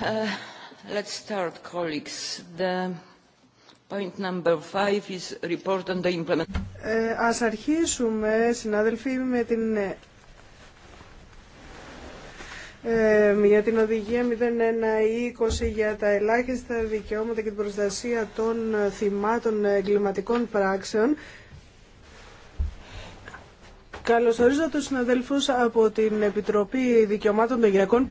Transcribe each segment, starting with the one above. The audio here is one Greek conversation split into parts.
Let's start, colleagues. The point number five is report on the implementation. Ε, ας αρχίσουμε, συνάδελφοι, ε, για την οδηγία 0120 για τα ελάχιστα δικαιώματα και την προστασία των θυμάτων εγκληματικών πράξεων. Καλωσορίζω τους συναδέλφους από την Επιτροπή Δικαιωμάτων των Γυναικών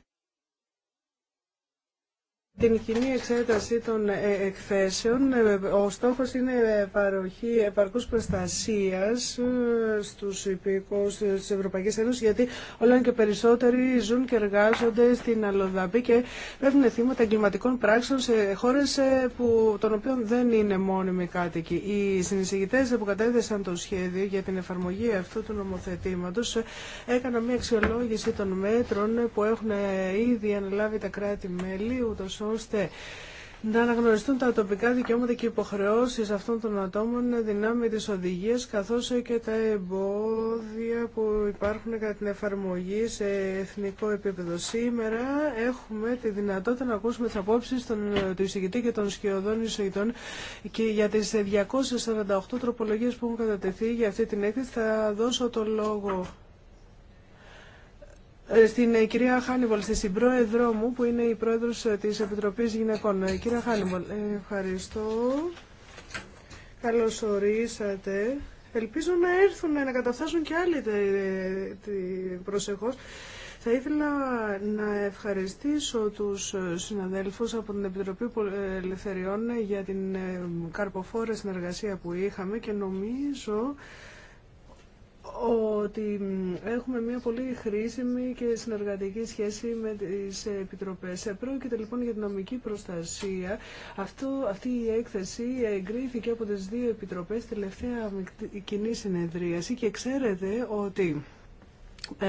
την κοινή εξέταση των ε, ε, εκθέσεων. Ε, ο στόχος είναι παροχή επαρκούς προστασίας στους υπήκους της Ευρωπαϊκής Ένωσης, γιατί όλα και περισσότεροι ζουν και εργάζονται στην Αλοδαπή και πέφτουν θύματα εγκληματικών πράξεων σε χώρες που, των οποίων δεν είναι μόνιμοι κάτοικοι. Οι συνεισηγητές που κατέθεσαν το σχέδιο για την εφαρμογή αυτού του νομοθετήματος έκαναν μια αξιολόγηση των μέτρων που έχουν ήδη αναλάβει τα κράτη-μέλη, ούτως ώστε να αναγνωριστούν τα τοπικά δικαιώματα και υποχρεώσεις αυτών των ατόμων δυνάμει τις οδηγίες, καθώς και τα εμπόδια που υπάρχουν κατά την εφαρμογή σε εθνικό επίπεδο. Σήμερα έχουμε τη δυνατότητα να ακούσουμε τις απόψεις των, του εισηγητή και των σκιωδών εισηγητών και για τις 248 τροπολογίες που έχουν κατατεθεί για αυτή την έκθεση θα δώσω το λόγο στην ε, κυρία Χάνιβολ, στη συμπρόεδρό μου, που είναι η πρόεδρος ε, της Επιτροπής Γυναικών. Ε, κυρία Χάνιβολ, ευχαριστώ. Καλωσορίσατε. Ελπίζω να έρθουν, να καταφτάσουν και άλλοι προσεχώς. Θα ήθελα να ευχαριστήσω τους συναδέλφους από την Επιτροπή Ελευθεριών για την καρποφόρα συνεργασία που είχαμε και νομίζω ότι έχουμε μια πολύ χρήσιμη και συνεργατική σχέση με τις επιτροπές. Ε, πρόκειται λοιπόν για την νομική προστασία. Αυτό, αυτή η έκθεση εγκρίθηκε από τις δύο επιτροπές τελευταία κοινή συνεδρίαση και ξέρετε ότι ε,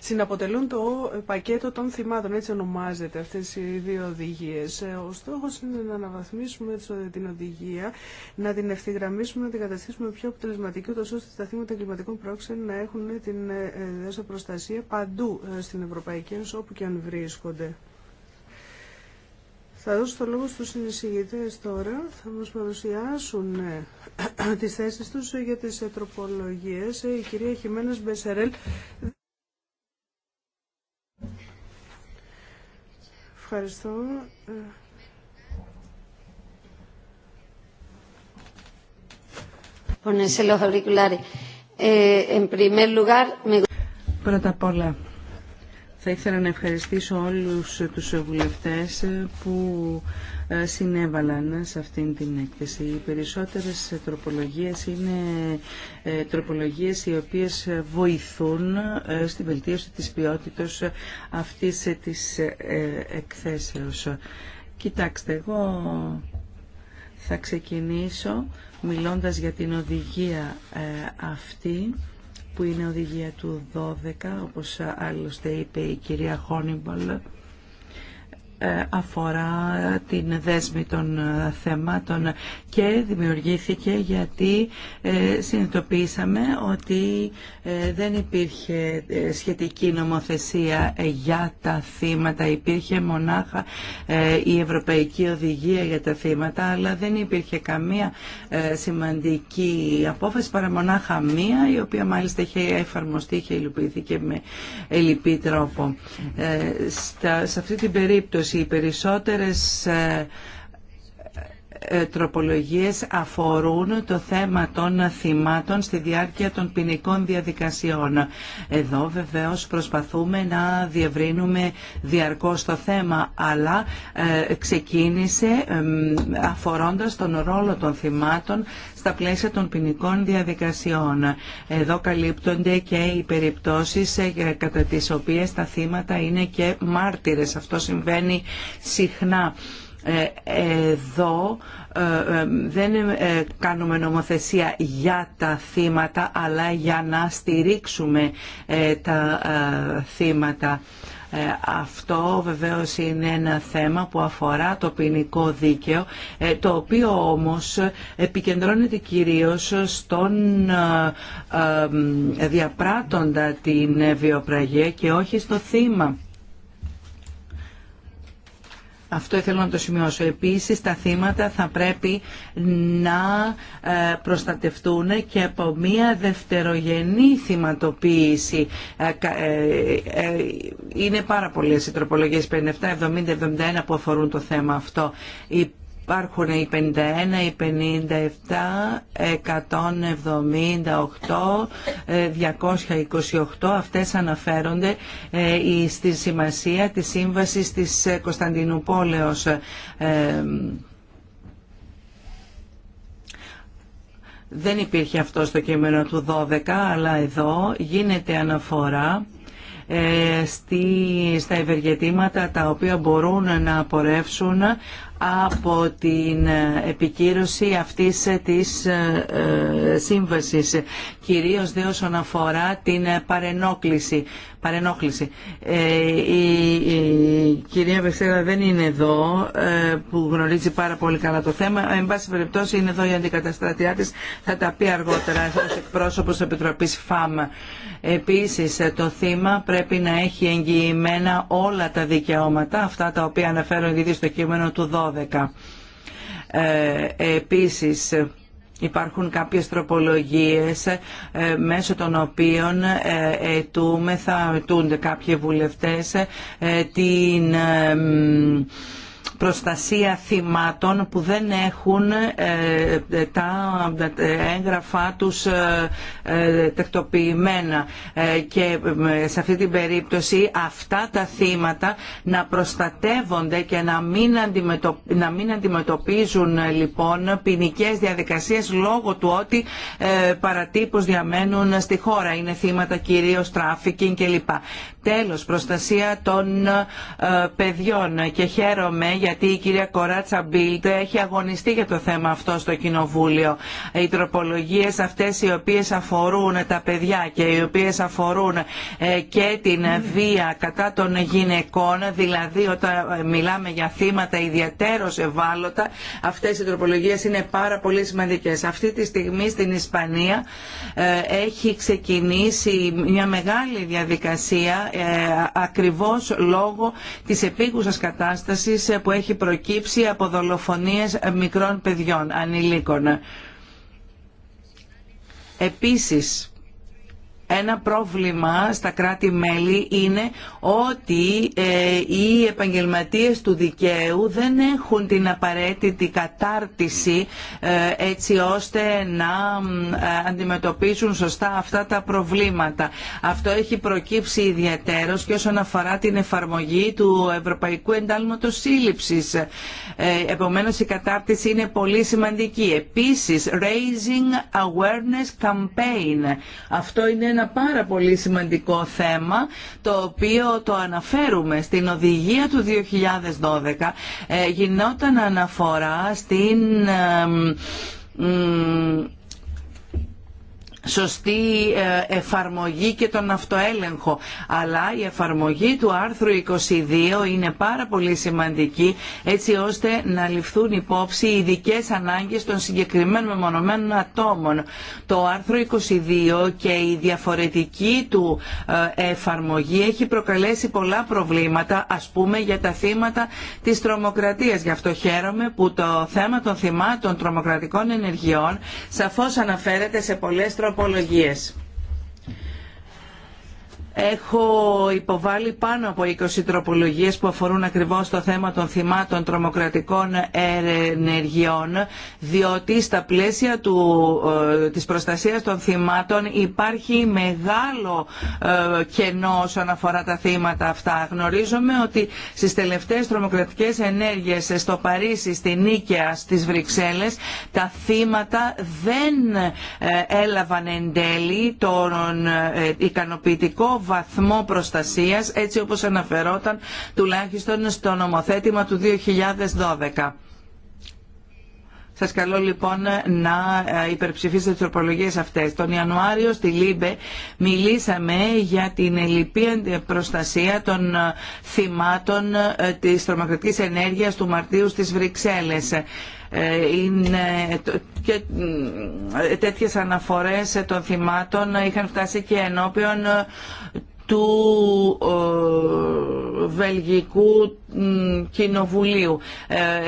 συναποτελούν το πακέτο των θυμάτων. Έτσι ονομάζεται αυτές οι δύο οδηγίες. Ε, ο στόχος είναι να αναβαθμίσουμε την οδηγία, να την ευθυγραμμίσουμε, να την καταστήσουμε πιο αποτελεσματική, ούτως ώστε τα θύματα κλιματικών πρόξεων να έχουν την ε, δέσα προστασία παντού στην Ευρωπαϊκή Ένωση, όπου και αν βρίσκονται. Θα δώσω το λόγο στους συνεισηγητές τώρα. Θα μας παρουσιάσουν ε, τις θέσεις τους για τις ε, τροπολογίες. Ε, η κυρία Χιμένας Μπεσερέλ. Ευχαριστώ. Πρώτα απ' όλα, θα ήθελα να ευχαριστήσω όλους τους βουλευτές που ε, συνέβαλαν σε αυτήν την έκθεση. Οι περισσότερες τροπολογίες είναι ε, τροπολογίες οι οποίες βοηθούν ε, στην βελτίωση της ποιότητας αυτής της εκθέσεως. Κοιτάξτε, εγώ θα ξεκινήσω μιλώντας για την οδηγία αυτή που είναι οδηγία του 12, όπως άλλωστε είπε η κυρία Χόνιμπολ, ε, αφορά την δέσμη των ε, θεμάτων και δημιουργήθηκε γιατί ε, συνειδητοποίησαμε ότι δεν υπήρχε σχετική νομοθεσία για τα θύματα. Υπήρχε μονάχα η Ευρωπαϊκή Οδηγία για τα θύματα, αλλά δεν υπήρχε καμία σημαντική απόφαση παρά μονάχα μία, η οποία μάλιστα είχε εφαρμοστεί, και υλοποιηθεί και με ελληπή τρόπο. Σε αυτή την περίπτωση οι περισσότερες ε, ε, τροπολογίες αφορούν το θέμα των θυμάτων στη διάρκεια των ποινικών διαδικασιών. Εδώ βεβαίως προσπαθούμε να διευρύνουμε διαρκώς το θέμα, αλλά ε, ξεκίνησε αφορώντας τον ρόλο των θυμάτων στα πλαίσια των ποινικών διαδικασιών. Εδώ καλύπτονται και οι περιπτώσεις ε, κατά τις οποίες τα θύματα είναι και μάρτυρες. Αυτό συμβαίνει συχνά ε, εδώ ε, ε, δεν κάνουμε νομοθεσία για τα θύματα, αλλά για να στηρίξουμε τα θύματα. Αυτό βεβαίως είναι ένα θέμα που αφορά το ποινικό δίκαιο, το οποίο όμως επικεντρώνεται κυρίως στον διαπράττοντα την βιοπραγία και όχι στο θύμα. Αυτό ήθελα να το σημειώσω. Επίσης τα θύματα θα πρέπει να ε, προστατευτούν και από μία δευτερογενή θυματοποίηση. Ε, ε, είναι πάρα πολλές οι τροπολογίες 57, 70, 71 που αφορούν το θέμα αυτό. Υπάρχουν οι 51, οι 57, 178, 228. Αυτές αναφέρονται ε, στη σημασία της σύμβασης της ε, Κωνσταντινούπολεως. Ε, δεν υπήρχε αυτό στο κείμενο του 12, αλλά εδώ γίνεται αναφορά στα ευεργετήματα τα οποία μπορούν να απορρεύσουν από την επικύρωση αυτής της ε, σύμβασης, κυρίως δε όσον αφορά την παρενόκληση. παρενόχληση. Ε, η, κυρία Βεστέρα δεν είναι εδώ, ε, που γνωρίζει πάρα πολύ καλά το θέμα. Εν πάση περιπτώσει είναι εδώ η αντικαταστρατιά της, θα τα πει αργότερα ως εκπρόσωπος της Επιτροπής ΦΑΜ. Επίσης το θύμα πρέπει να έχει εγγυημένα όλα τα δικαιώματα, αυτά τα οποία αναφέρονται ήδη στο κείμενο του 12. Ε, επίσης, Υπάρχουν κάποιες τροπολογίες ε, μέσω των οποίων ε, ετούμε, θα ετούνται κάποιοι βουλευτές ε, την προστασία θυμάτων που δεν έχουν ε, ε, τα ε, έγγραφά τους τεκτοποιημένα και σε αυτή την περίπτωση αυτά τα θύματα να προστατεύονται και να μην, αντιμετωπίζουν, να λοιπόν ποινικέ διαδικασίες λόγω του ότι παρατύπως διαμένουν στη χώρα. Είναι θύματα κυρίως τράφικινγκ κλπ. Τέλος, προστασία των ε, παιδιών και χαίρομαι γιατί η κυρία Κοράτσα Μπίλτ έχει αγωνιστεί για το θέμα αυτό στο Κοινοβούλιο. Οι τροπολογίες αυτές οι οποίες αφορούν τα παιδιά και οι οποίες αφορούν ε, και την βία κατά των γυναικών, δηλαδή όταν ε, μιλάμε για θύματα ιδιαίτερως ευάλωτα, αυτές οι τροπολογίες είναι πάρα πολύ σημαντικές. Αυτή τη στιγμή στην Ισπανία έχει ξεκινήσει μια μεγάλη διαδικασία ε, ακριβώς λόγω της επίγουσας κατάστασης που έχει προκύψει από δολοφονίες μικρών παιδιών, ανηλίκων. Επίσης, ένα πρόβλημα στα κράτη-μέλη είναι ότι ε, οι επαγγελματίες του δικαίου δεν έχουν την απαραίτητη κατάρτιση ε, έτσι ώστε να ε, αντιμετωπίσουν σωστά αυτά τα προβλήματα. Αυτό έχει προκύψει ιδιαίτερος και όσον αφορά την εφαρμογή του Ευρωπαϊκού Εντάλματος Σύλληψης. Επομένως η κατάρτιση είναι πολύ σημαντική. Επίσης, Raising Awareness Campaign. Αυτό είναι ένα πάρα πολύ σημαντικό θέμα το οποίο το αναφέρουμε στην οδηγία του 2012 ε, γινόταν αναφορά στην σωστή ε, εφαρμογή και τον αυτοέλεγχο. Αλλά η εφαρμογή του άρθρου 22 είναι πάρα πολύ σημαντική έτσι ώστε να ληφθούν υπόψη οι ειδικέ ανάγκες των συγκεκριμένων μεμονωμένων ατόμων. Το άρθρο 22 και η διαφορετική του ε, εφαρμογή έχει προκαλέσει πολλά προβλήματα ας πούμε για τα θύματα της τρομοκρατίας. Γι' αυτό χαίρομαι που το θέμα των θυμάτων τρομοκρατικών ενεργειών σαφώς αναφέρεται σε πολλές τροπολογίες. Έχω υποβάλει πάνω από 20 τροπολογίες που αφορούν ακριβώς το θέμα των θυμάτων τρομοκρατικών ενεργειών, διότι στα πλαίσια του, ε, της προστασίας των θυμάτων υπάρχει μεγάλο ε, κενό όσον αφορά τα θύματα αυτά. Γνωρίζουμε ότι στις τελευταίες τρομοκρατικές ενέργειες στο Παρίσι, στη Νίκαια, στις Βρυξέλλες, τα θύματα δεν ε, έλαβαν εν τέλει τον ικανοποιητικό βαθμό προστασίας έτσι όπως αναφερόταν τουλάχιστον στο νομοθέτημα του 2012. Σας καλώ λοιπόν να ε, υπερψηφίσετε τις τροπολογίες αυτές. Τον Ιανουάριο στη Λίμπε μιλήσαμε για την ελληπία προστασία των ε, θυμάτων ε, της τρομοκρατικής ενέργειας του Μαρτίου στις Βρυξέλλες. Ε, είναι, και τέτοιες αναφορές των θυμάτων είχαν φτάσει και ενώπιον του ε, Βελγικού Κοινοβουλίου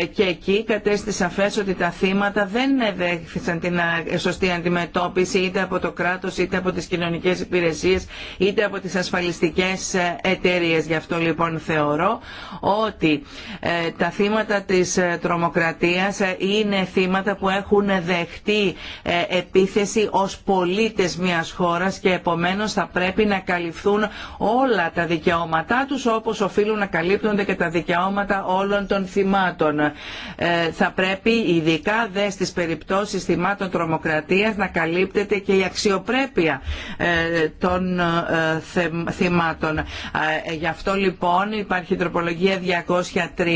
ε, και εκεί κατέστη σαφές ότι τα θύματα δεν δέχθησαν την σωστή αντιμετώπιση είτε από το κράτος είτε από τις κοινωνικές υπηρεσίες είτε από τις ασφαλιστικές ε, εταιρείες. Γι' αυτό λοιπόν θεωρώ ότι τα θύματα της τρομοκρατίας είναι θύματα που έχουν δεχτεί επίθεση ως πολίτες μιας χώρας και επομένως θα πρέπει να καλυφθούν όλα τα δικαιώματά τους όπως οφείλουν να καλύπτονται και τα δικαιώματα όλων των θυμάτων. Ε, θα πρέπει ειδικά δε στις περιπτώσεις θυμάτων τρομοκρατίας να καλύπτεται και η αξιοπρέπεια ε, των ε, θυμάτων. Ε, γι' αυτό λοιπόν υπάρχει η τροπολογία 203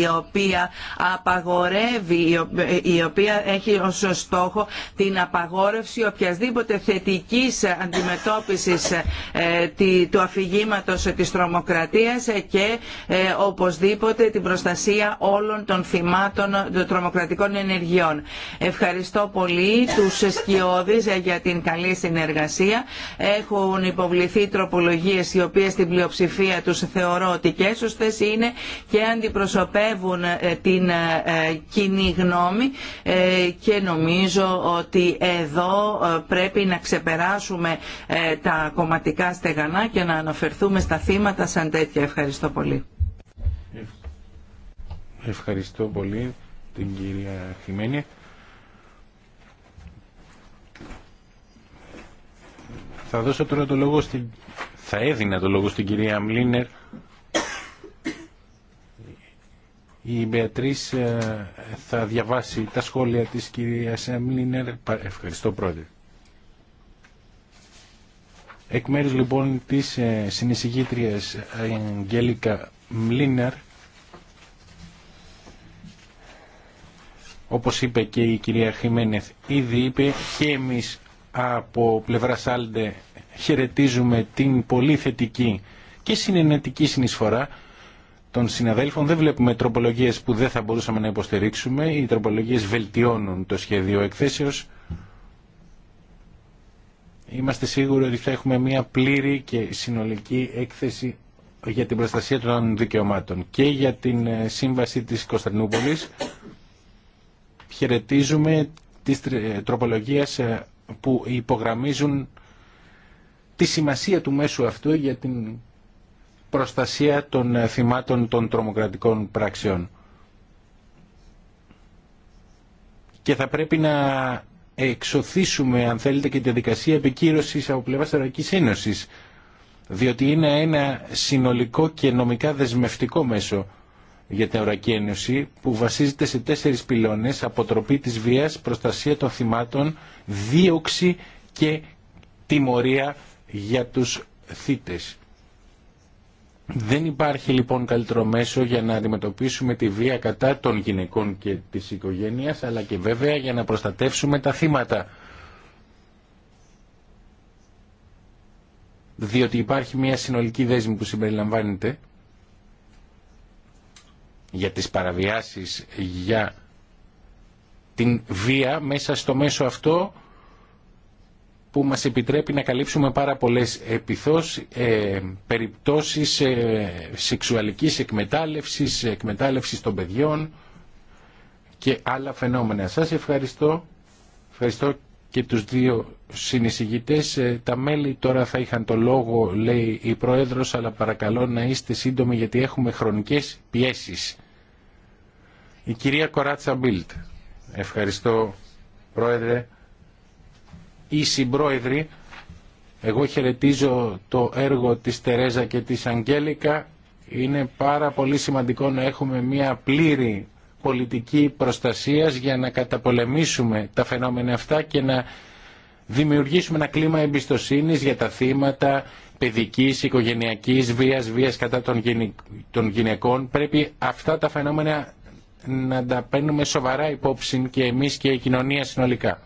η οποία απαγορεύει, η οποία έχει ως στόχο την απαγόρευση οποιασδήποτε θετικής αντιμετώπισης του αφηγήματος της τρομοκρατίας και ε, οπωσδήποτε την προστασία όλων των θυμάτων των τρομοκρατικών ενεργειών. Ευχαριστώ πολύ τους σκιώδεις ε, για την καλή συνεργασία. Έχουν υποβληθεί τροπολογίες οι οποίες στην πλειοψηφία τους θεωρώ ότι και σωστές είναι και αντιπροσωπεύουν ε, την κοινή γνώμη και νομίζω ότι εδώ πρέπει να ξεπεράσουμε τα κομματικά στεγανά και να αναφερθούμε στα θύματα σαν τέτοια. Ευχαριστώ πολύ. Ευχαριστώ πολύ την κυρία Χιμένη. Θα δώσω τώρα το λόγο στην... Θα έδινα το λόγο στην κυρία Μλίνερ. Η Μπεατρίς ε, θα διαβάσει τα σχόλια της κυρίας Μλίνερ. Ευχαριστώ πρόεδρε. Εκ μέρους λοιπόν της ε, συνεισηγήτριας ε, Αγγέλικα Μλίναρ, όπως είπε και η κυρία Χιμένεθ ήδη είπε, και εμείς από πλευρά Σάλντε χαιρετίζουμε την πολύ θετική και συνενετική συνεισφορά των συναδέλφων. Δεν βλέπουμε τροπολογίες που δεν θα μπορούσαμε να υποστηρίξουμε. Οι τροπολογίες βελτιώνουν το σχέδιο εκθέσεως είμαστε σίγουροι ότι θα έχουμε μια πλήρη και συνολική έκθεση για την προστασία των δικαιωμάτων και για την ε, σύμβαση της Κωνσταντινούπολης. Χαιρετίζουμε τις ε, τροπολογίες ε, που υπογραμμίζουν τη σημασία του μέσου αυτού για την προστασία των θυμάτων των τρομοκρατικών πράξεων. Και θα πρέπει να εξωθήσουμε αν θέλετε και τη διαδικασία επικύρωσης από πλευρά Ευρωπαϊκή Ένωσης διότι είναι ένα συνολικό και νομικά δεσμευτικό μέσο για την Ευρωπαϊκή Ένωση που βασίζεται σε τέσσερις πυλώνες αποτροπή της βίας, προστασία των θυμάτων, δίωξη και τιμωρία για τους θύτες. Δεν υπάρχει λοιπόν καλύτερο μέσο για να αντιμετωπίσουμε τη βία κατά των γυναικών και της οικογένειας, αλλά και βέβαια για να προστατεύσουμε τα θύματα. Διότι υπάρχει μια συνολική δέσμη που συμπεριλαμβάνεται για τις παραβιάσεις, για την βία μέσα στο μέσο αυτό που μας επιτρέπει να καλύψουμε πάρα πολλές επιθώς, ε, περιπτώσεις ε, σεξουαλικής εκμετάλλευσης, των παιδιών και άλλα φαινόμενα. Σας ευχαριστώ. Ευχαριστώ και τους δύο συνεισηγητές. Ε, τα μέλη τώρα θα είχαν το λόγο, λέει η Πρόεδρος, αλλά παρακαλώ να είστε σύντομοι γιατί έχουμε χρονικές πιέσεις. Η κυρία Κοράτσα Μπίλτ. Ευχαριστώ, Πρόεδρε. Η συμπρόεδροι. Εγώ χαιρετίζω το έργο της Τερέζα και της Αγγέλικα. Είναι πάρα πολύ σημαντικό να έχουμε μια πλήρη πολιτική προστασίας για να καταπολεμήσουμε τα φαινόμενα αυτά και να δημιουργήσουμε ένα κλίμα εμπιστοσύνης για τα θύματα παιδικής, οικογενειακής βίας, βίας κατά των, γυναικών. Πρέπει αυτά τα φαινόμενα να τα παίρνουμε σοβαρά υπόψη και εμείς και η κοινωνία συνολικά.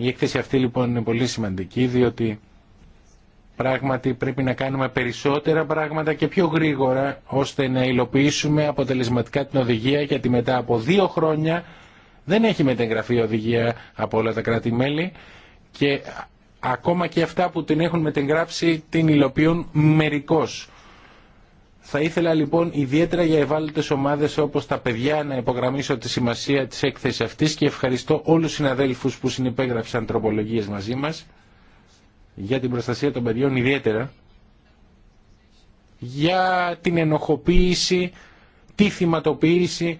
Η έκθεση αυτή λοιπόν είναι πολύ σημαντική διότι πράγματι πρέπει να κάνουμε περισσότερα πράγματα και πιο γρήγορα ώστε να υλοποιήσουμε αποτελεσματικά την οδηγία γιατί μετά από δύο χρόνια δεν έχει μετεγγραφεί οδηγία από όλα τα κράτη-μέλη και ακόμα και αυτά που την έχουν μετεγγράψει την υλοποιούν μερικώς. Θα ήθελα λοιπόν ιδιαίτερα για ευάλωτε ομάδες όπως τα παιδιά να υπογραμμίσω τη σημασία της έκθεση αυτής και ευχαριστώ όλους του συναδέλφους που συνυπέγραψαν τροπολογίες μαζί μας για την προστασία των παιδιών ιδιαίτερα για την ενοχοποίηση, τη θυματοποίηση.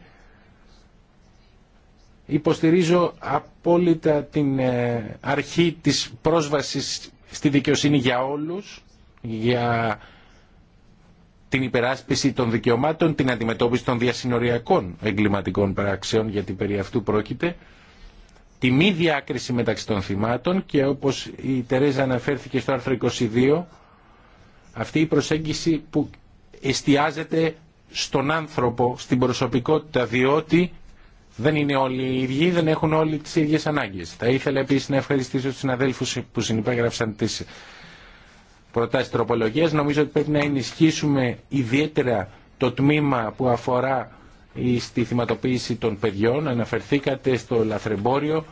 Υποστηρίζω απόλυτα την ε, αρχή της πρόσβασης στη δικαιοσύνη για όλους, για την υπεράσπιση των δικαιωμάτων, την αντιμετώπιση των διασυνοριακών εγκληματικών πράξεων, γιατί περί αυτού πρόκειται, τη μη διάκριση μεταξύ των θυμάτων και όπως η Τερέζα αναφέρθηκε στο άρθρο 22, αυτή η προσέγγιση που εστιάζεται στον άνθρωπο, στην προσωπικότητα, διότι δεν είναι όλοι οι ίδιοι, δεν έχουν όλοι τις ίδιες ανάγκες. Θα ήθελα επίσης να ευχαριστήσω τους συναδέλφους που συνυπέγραψαν τις Προτάσει τροπολογία, Νομίζω ότι πρέπει να ενισχύσουμε ιδιαίτερα το τμήμα που αφορά στη θυματοποίηση των παιδιών. Αναφερθήκατε στο λαθρεμπόριο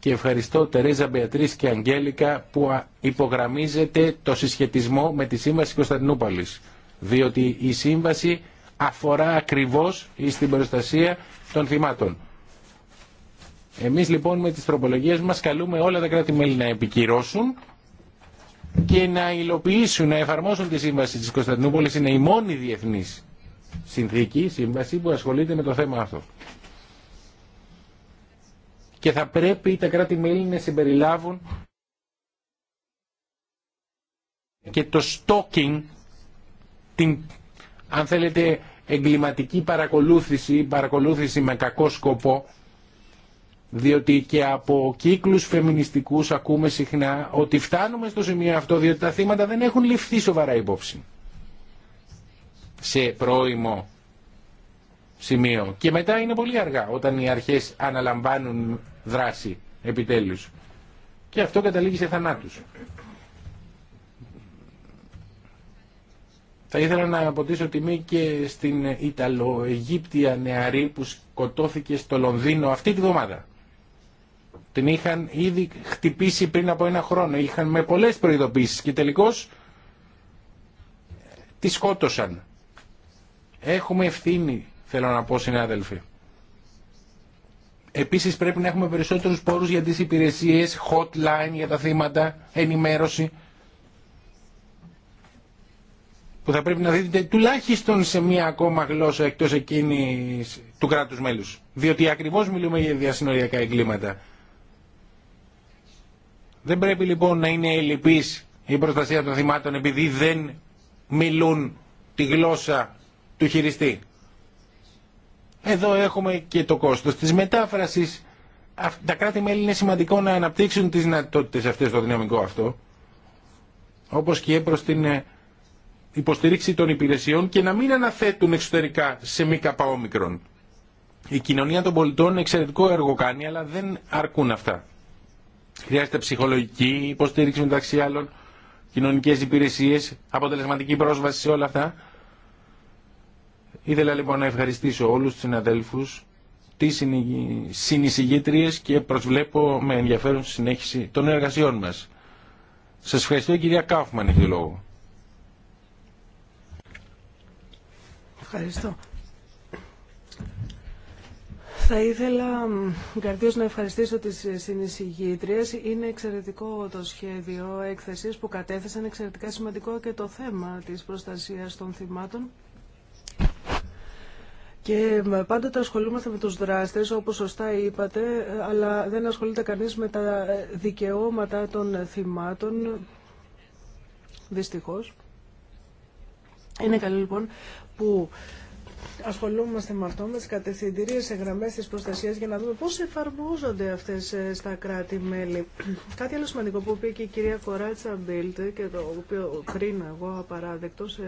και ευχαριστώ Τερέζα Μπεατρίς και Αγγέλικα που υπογραμμίζεται το συσχετισμό με τη Σύμβαση Κωνσταντινούπολη, Διότι η Σύμβαση αφορά ακριβώς στην προστασία των θυμάτων. Εμείς λοιπόν με τις τροπολογίες μας καλούμε όλα τα κράτη-μέλη να επικυρώσουν και να υλοποιήσουν, να εφαρμόσουν τη σύμβαση της Κωνσταντινούπολης είναι η μόνη διεθνής συνθήκη, σύμβαση που ασχολείται με το θέμα αυτό. Και θα πρέπει τα κράτη-μέλη να συμπεριλάβουν και το stalking, την, αν θέλετε, εγκληματική παρακολούθηση, παρακολούθηση με κακό σκοπό, διότι και από κύκλους φεμινιστικούς ακούμε συχνά ότι φτάνουμε στο σημείο αυτό διότι τα θύματα δεν έχουν ληφθεί σοβαρά υπόψη σε πρώιμο σημείο και μετά είναι πολύ αργά όταν οι αρχές αναλαμβάνουν δράση επιτέλους και αυτό καταλήγει σε θανάτους. Θα ήθελα να αποτίσω τιμή και στην Ιταλο-Αιγύπτια νεαρή που σκοτώθηκε στο Λονδίνο αυτή τη βδομάδα. Την είχαν ήδη χτυπήσει πριν από ένα χρόνο. Είχαν με πολλές προειδοποίησεις και τελικώς ε, τη σκότωσαν. Έχουμε ευθύνη, θέλω να πω συνάδελφοι. Επίσης πρέπει να έχουμε περισσότερους πόρους για τις υπηρεσίες, hotline για τα θύματα, ενημέρωση που θα πρέπει να δείτε τουλάχιστον σε μία ακόμα γλώσσα εκτός εκείνης του κράτους μέλους. Διότι ακριβώς μιλούμε για διασυνοριακά εγκλήματα. Δεν πρέπει λοιπόν να είναι ελλειπής η προστασία των θυμάτων επειδή δεν μιλούν τη γλώσσα του χειριστή. Εδώ έχουμε και το κόστος της μετάφρασης. Τα κράτη-μέλη είναι σημαντικό να αναπτύξουν τις δυνατότητες αυτές στο δυναμικό αυτό, όπως και προς την ε, υποστηρίξη των υπηρεσιών και να μην αναθέτουν εξωτερικά σε μη καπαόμικρον. Η κοινωνία των πολιτών εξαιρετικό έργο κάνει, αλλά δεν αρκούν αυτά. Χρειάζεται ψυχολογική υποστήριξη μεταξύ άλλων, κοινωνικές υπηρεσίες, αποτελεσματική πρόσβαση σε όλα αυτά. Ήθελα λοιπόν να ευχαριστήσω όλους τους συναδέλφους, τις συνεισηγήτριες και προσβλέπω με ενδιαφέρον στη συνέχιση των εργασιών μας. Σας ευχαριστώ κυρία Κάφμαν, έχει λόγο. Ευχαριστώ. Θα ήθελα καρδίως να ευχαριστήσω τις συνεισηγήτριες. Είναι εξαιρετικό το σχέδιο έκθεσης που κατέθεσαν εξαιρετικά σημαντικό και το θέμα της προστασίας των θυμάτων. Και πάντοτε ασχολούμαστε με τους δράστες, όπως σωστά είπατε, αλλά δεν ασχολείται κανείς με τα δικαιώματα των θυμάτων, δυστυχώς. Είναι καλό λοιπόν που ασχολούμαστε με αυτό, με τι κατευθυντήριε σε γραμμέ τη προστασία για να δούμε πώ εφαρμόζονται αυτέ ε, στα κράτη-μέλη. Κάτι άλλο σημαντικό που είπε και η κυρία Κοράτσα Μπίλτ και το οποίο κρίνω εγώ απαράδεκτο σε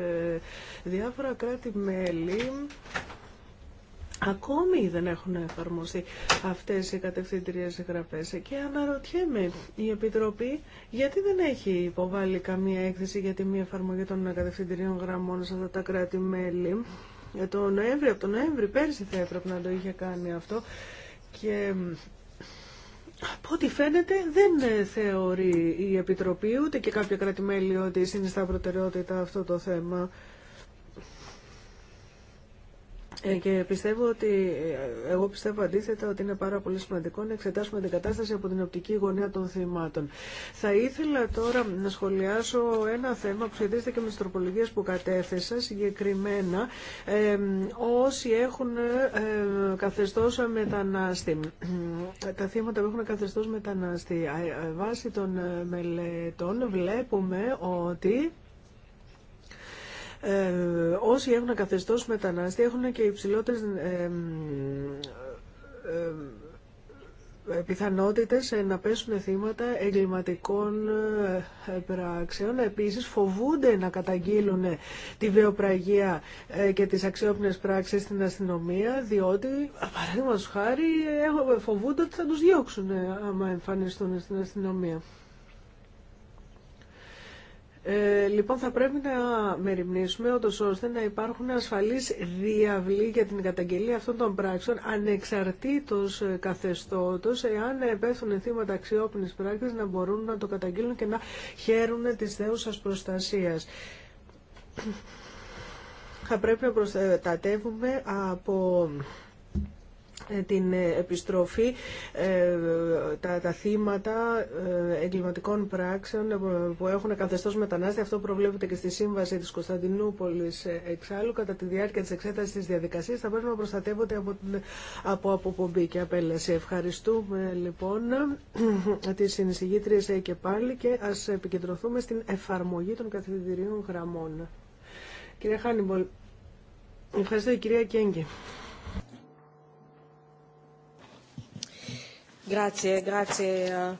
διάφορα κράτη-μέλη Ακόμη δεν έχουν εφαρμοστεί αυτές οι κατευθυντηρίες γραφές και αναρωτιέμαι η Επιτροπή γιατί δεν έχει υποβάλει καμία έκθεση για τη μη εφαρμογή των κατευθυντηρίων γραμμών σε αυτά τα κράτη-μέλη. Για ε, τον Νοέμβριο, από τον Νοέμβρη πέρσι θα έπρεπε να το είχε κάνει αυτό και από ό,τι φαίνεται δεν ε, θεωρεί η Επιτροπή ούτε και κάποια κρατημέλη ότι στα προτεραιότητα αυτό το θέμα. Ε, και πιστεύω ότι, ε, εγώ πιστεύω αντίθετα ότι είναι πάρα πολύ σημαντικό να εξετάσουμε την κατάσταση από την οπτική γωνία των θυμάτων. Θα ήθελα τώρα να σχολιάσω ένα θέμα που σχετίζεται και με τι τροπολογίε που κατέθεσα συγκεκριμένα ε, όσοι έχουν ε, καθεστώς μετανάστη. Τα θύματα που έχουν καθεστώ μετανάστη. Βάσει των μελετών βλέπουμε ότι ε, όσοι έχουν καθεστώς μετανάστη έχουν και υψηλότερες ε, ε, πιθανότητες να πέσουν θύματα εγκληματικών πράξεων. Επίσης φοβούνται να καταγγείλουν τη βιοπραγία και τις αξιόπινες πράξεις στην αστυνομία, διότι, παραδείγματος χάρη, φοβούνται ότι θα τους διώξουν άμα εμφανιστούν στην αστυνομία. Ε, λοιπόν, θα πρέπει να μεριμνήσουμε ότως ώστε να υπάρχουν ασφαλείς διαβλή για την καταγγελία αυτών των πράξεων ανεξαρτήτως ε, καθεστώτο, εάν πέθουν θύματα αξιόπινη πράξη να μπορούν να το καταγγείλουν και να χαίρουν της θέουσα προστασία. Θα πρέπει να προστατεύουμε από ε, την επιστροφή ε, τα, τα θύματα ε, εγκληματικών πράξεων που έχουν καθεστώς μετανάστευση. Αυτό προβλέπεται και στη Σύμβαση της Κωνσταντινούπολης εξάλλου. Κατά τη διάρκεια της εξέτασης της διαδικασίας θα πρέπει να προστατεύονται από, από αποπομπή και απέλαση. Ευχαριστούμε λοιπόν τις συνεισηγήτριες και πάλι και ας επικεντρωθούμε στην εφαρμογή των καθηγητηρίων γραμμών. Κυρία Χάνιμπολ, ευχαριστώ η κυρία Κέγκη. Eh,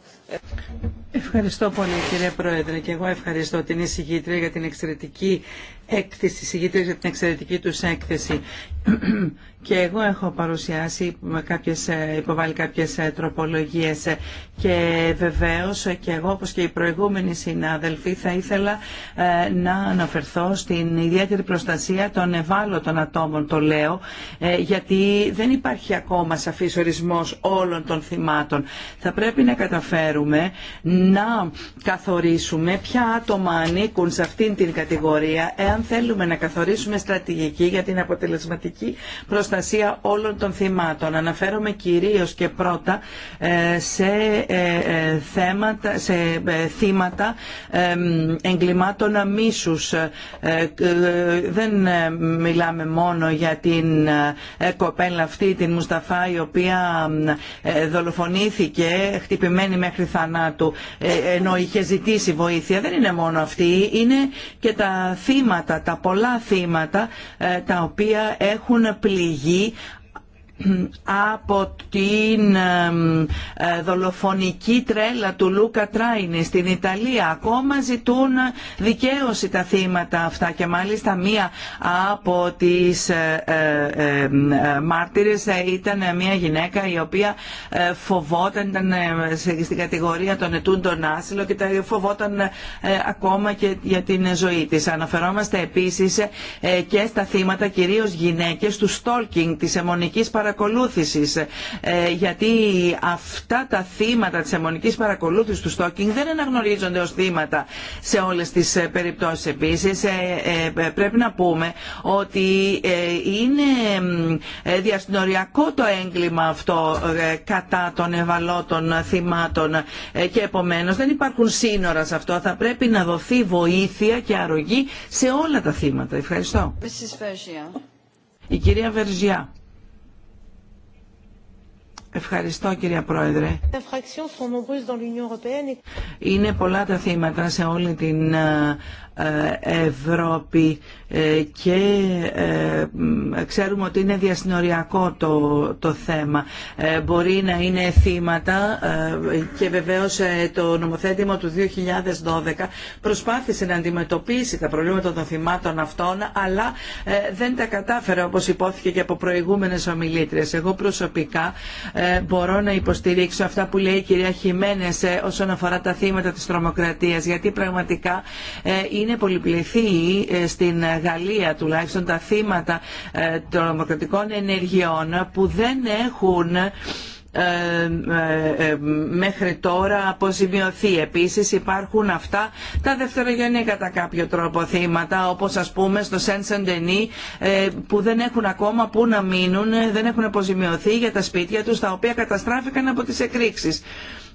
ευχαριστώ πολύ κύριε Πρόεδρε και εγώ ευχαριστώ την εισηγήτρια για την εξαιρετική έκθεση, συγγήτρες για την εξαιρετική τους έκθεση. Και εγώ έχω παρουσιάσει κάποιες, υποβάλει κάποιες ε, τροπολογίες και βεβαίως και εγώ όπως και οι προηγούμενοι συνάδελφοι θα ήθελα ε, να αναφερθώ στην ιδιαίτερη προστασία των ευάλωτων ατόμων, το λέω, ε, γιατί δεν υπάρχει ακόμα σαφής ορισμός όλων των θυμάτων. Θα πρέπει να καταφέρουμε να καθορίσουμε ποια άτομα ανήκουν σε αυτήν την κατηγορία θέλουμε να καθορίσουμε στρατηγική για την αποτελεσματική προστασία όλων των θυμάτων. Αναφέρομαι κυρίως και πρώτα ε, σε, ε, ε, θέματα, σε θύματα εγκλημάτων αμίσους. Δεν μιλάμε μόνο για την κοπέλα αυτή, την Μουσταφά, η οποία δολοφονήθηκε, χτυπημένη μέχρι θανάτου, ενώ είχε ζητήσει βοήθεια. Δεν είναι μόνο αυτή, είναι και τα θύματα τα πολλά θύματα ε, τα οποία έχουν πληγεί από την ε, δολοφονική τρέλα του Λούκα Τράινη στην Ιταλία. Ακόμα ζητούν δικαίωση τα θύματα αυτά και μάλιστα μία από τις ε, ε, μάρτυρες ήταν μία γυναίκα η οποία φοβόταν, ήταν στην κατηγορία των τον άσυλο και τα φοβόταν ακόμα και για την ζωή της. Αναφερόμαστε επίσης και στα θύματα κυρίως γυναίκες του stalking της αιμονικής παραγωγής παρακολούθησης ε, γιατί αυτά τα θύματα της αιμονικής παρακολούθησης του στόκινγκ δεν αναγνωρίζονται ως θύματα σε όλες τις ε, περιπτώσεις επίσης ε, πρέπει να πούμε ότι είναι διαστηνοριακό το έγκλημα αυτό κατά των ευαλώτων θυμάτων και επομένως δεν υπάρχουν σύνορα σε αυτό θα πρέπει να δοθεί βοήθεια και αρρωγή σε όλα τα θύματα. Ευχαριστώ. Η κυρία Βερζιά. Ευχαριστώ κύριε Πρόεδρε. Είναι πολλά τα θύματα σε όλη την ε, ε, Ευρώπη ε, και ξέρουμε ότι είναι διασυνοριακό το, το θέμα. Μπορεί να είναι θύματα και βεβαίως το νομοθέτημα του 2012 προσπάθησε να αντιμετωπίσει τα προβλήματα των θυμάτων αυτών αλλά δεν τα κατάφερε όπως υπόθηκε και από προηγούμενες ομιλήτρες. Εγώ προσωπικά ε, μπορώ να υποστηρίξω αυτά που λέει η κυρία Χιμένες ε, όσον αφορά τα θύματα της τρομοκρατίας γιατί πραγματικά ε, είναι πολυπληθή στην Γαλλία τουλάχιστον τα θύματα τρομοκρατικών ενεργειών που δεν έχουν μέχρι τώρα αποζημιωθεί. Επίσης υπάρχουν αυτά τα δευτερογενή κατά κάποιο τρόπο θύματα όπως ας πούμε στο Σεν Σεντενί, ε, που δεν έχουν ακόμα που να μείνουν, δεν έχουν αποζημιωθεί για τα σπίτια τους τα οποία καταστράφηκαν από τις εκρήξεις.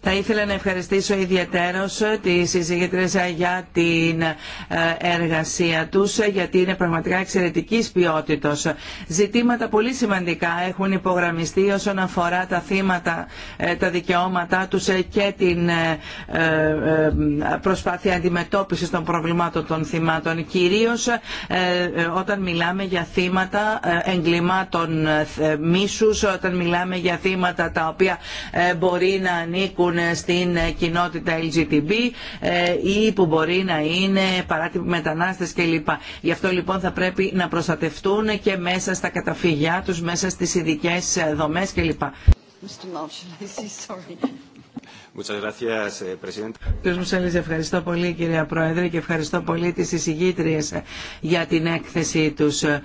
Θα ήθελα να ευχαριστήσω ιδιαίτερω τη συζήτητρε για την ε, εργασία τους, γιατί είναι πραγματικά εξαιρετική ποιότητα. Ζητήματα πολύ σημαντικά έχουν υπογραμμιστεί όσον αφορά τα θύματα, ε, τα δικαιώματά τους και την ε, προσπάθεια αντιμετώπισης των προβλημάτων των θυμάτων. Κυρίως όταν μιλάμε για θύματα εγκλημάτων μίσου, όταν μιλάμε για θύματα τα οποία μπορεί να ανήκουν ανήκουν στην κοινότητα LGTB ε, ή που μπορεί να είναι παράτυποι μετανάστες κλπ. Γι' αυτό λοιπόν θα πρέπει να προστατευτούν και μέσα στα καταφύγια τους, μέσα στις ειδικέ δομές κλπ. Eh, Κύριε ευχαριστώ πολύ κυρία Πρόεδρε και ευχαριστώ πολύ τις εισηγήτριες για την έκθεσή τους. Ε,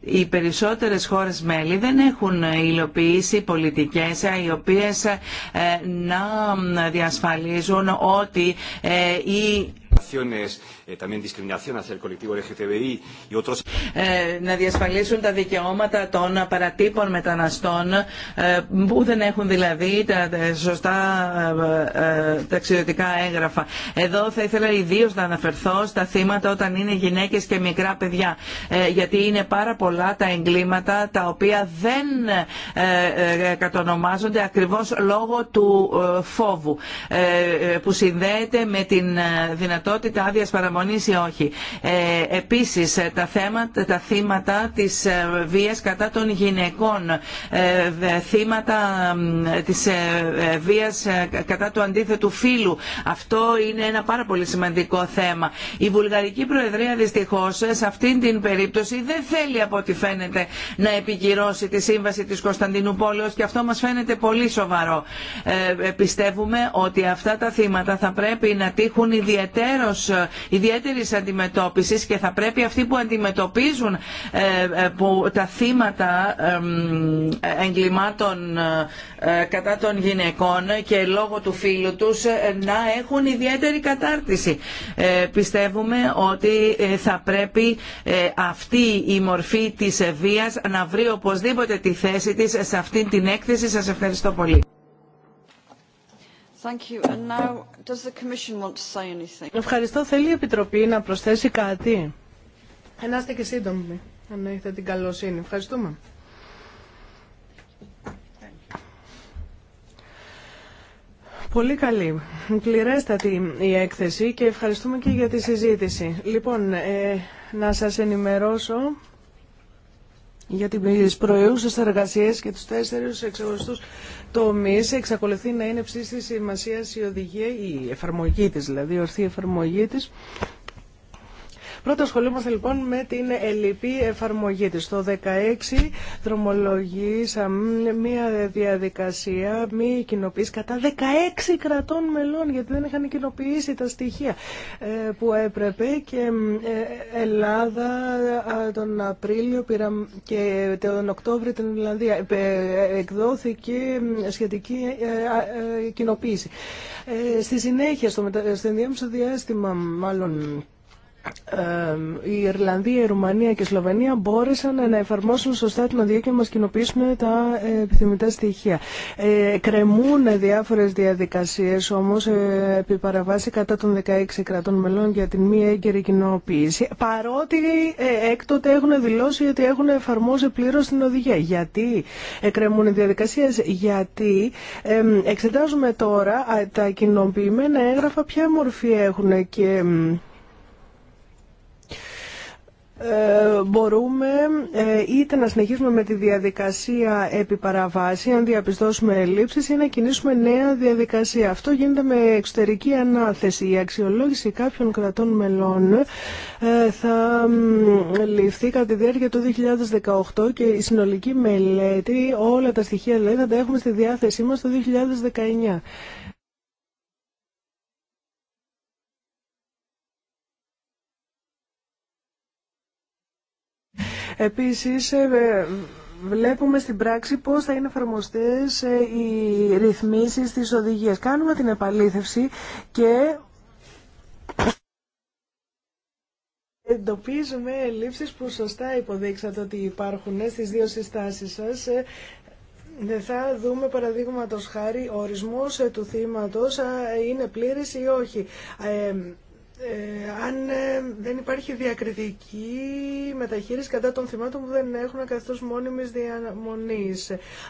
οι περισσότερες χώρες μέλη δεν έχουν υλοποιήσει πολιτικές ε, οι οποίες ε, να διασφαλίζουν ότι οι Eh, ε, να διασφαλίσουν τα δικαιώματα των παρατύπων μεταναστών ε, που δεν έχουν δηλαδή τα σωστά ε, ταξιδιωτικά έγγραφα. Εδώ θα ήθελα ιδίω να αναφερθώ στα θύματα όταν είναι γυναίκες και μικρά παιδιά γιατί είναι πάρα πολλά τα εγκλήματα τα οποία δεν κατονομάζονται ακριβώς λόγω του φόβου που συνδέεται με την δυνατότητα άδεια παραμονή ε, Επίση, ε, ε, Η Βουλγαρική Προεδρία δυστυχώς σε αυτήν την περίπτωση δεν θέλει από ό,τι φαίνεται να επικυρώσει τη σύμβαση της Κωνσταντινούπολεως και αυτό μας φαίνεται πολύ σοβαρό. πιστεύουμε ότι αυτά τα θύματα θα πρέπει να επικυρωσει τη συμβαση της Κωνσταντινούπολης και αυτο μας φαινεται πολυ σοβαρο πιστευουμε οτι αυτα τα θυματα θα πρεπει να τυχουν ιδιαιτερως Ιδιαίτερη αντιμετώπιση και θα πρέπει αυτοί που αντιμετωπίζουν ε, ε, τα θύματα εγκλημάτων ε, κατά των γυναικών και λόγω του φίλου τους να έχουν ιδιαίτερη κατάρτιση. Πιστεύουμε ότι θα πρέπει αυτή η μορφή της βίας να βρει οπωσδήποτε τη θέση της σε αυτή την έκθεση. Σας ευχαριστώ πολύ. Ευχαριστώ. Θέλει η Επιτροπή να προσθέσει κάτι. Ενάστε και σύντομοι, αν έχετε την καλοσύνη. Ευχαριστούμε. Πολύ καλή. Πληρέστατη η έκθεση και ευχαριστούμε και για τη συζήτηση. Λοιπόν, ε, να σας ενημερώσω για τις προϊούσες εργασίες και τους τέσσερις το τομείς εξακολουθεί να είναι ψήστη σημασία η οδηγία, η εφαρμογή της δηλαδή, η ορθή εφαρμογή της Πρώτα ασχολούμαστε λοιπόν με την ελληπή εφαρμογή της. Το 16 δρομολογήσαμε μια διαδικασία μη κοινοποίηση κατά 16 κρατών μελών γιατί δεν είχαν κοινοποιήσει τα στοιχεία ε, που έπρεπε και ε, Ελλάδα τον Απρίλιο και τον Οκτώβριο την Ιρλανδία ε, εκδόθηκε σχετική κοινοποίηση. Στη συνέχεια, στο, στο ενδιάμεσο διάστημα μάλλον η Ιρλανδία, η Ρουμανία και η Σλοβενία μπόρεσαν να εφαρμόσουν σωστά την οδηγία και να μα κοινοποιήσουν τα ε, επιθυμητά στοιχεία. Ε, κρεμούν διάφορες διαδικασίες όμως ε, επί παραβάση κατά των 16 κρατών μελών για την μία έγκαιρη κοινοποίηση παρότι ε, έκτοτε έχουν δηλώσει ότι έχουν εφαρμόσει πλήρω την οδηγία. Γιατί κρεμούν οι διαδικασίε γιατί ε, εξετάζουμε τώρα τα κοινοποιημένα έγγραφα ποια μορφή έχουν και... Ε, μπορούμε ε, είτε να συνεχίσουμε με τη διαδικασία επί παραβάση, αν διαπιστώσουμε ελλείψεις, ή να κινήσουμε νέα διαδικασία. Αυτό γίνεται με εξωτερική ανάθεση. Η αξιολόγηση κάποιων κρατών μελών ε, θα ληφθεί κατά τη διάρκεια του 2018 και η συνολική μελέτη, όλα τα στοιχεία δηλαδή, θα τα έχουμε στη διάθεσή μας το 2019. Επίσης, ε, βλέπουμε στην πράξη πώς θα είναι εφαρμοστές ε, οι ρυθμίσεις της οδηγίας. Κάνουμε την επαλήθευση και εντοπίζουμε ελλείψεις που σωστά υποδείξατε ότι υπάρχουν ε, στις δύο συστάσεις σας. Ναι, θα δούμε παραδείγματος χάρη ο ορισμός του θύματος είναι πλήρης ή όχι. Ε, αν ε, δεν υπάρχει διακριτική μεταχείριση κατά των θυμάτων που δεν έχουν καθώ μόνιμη διαμονή,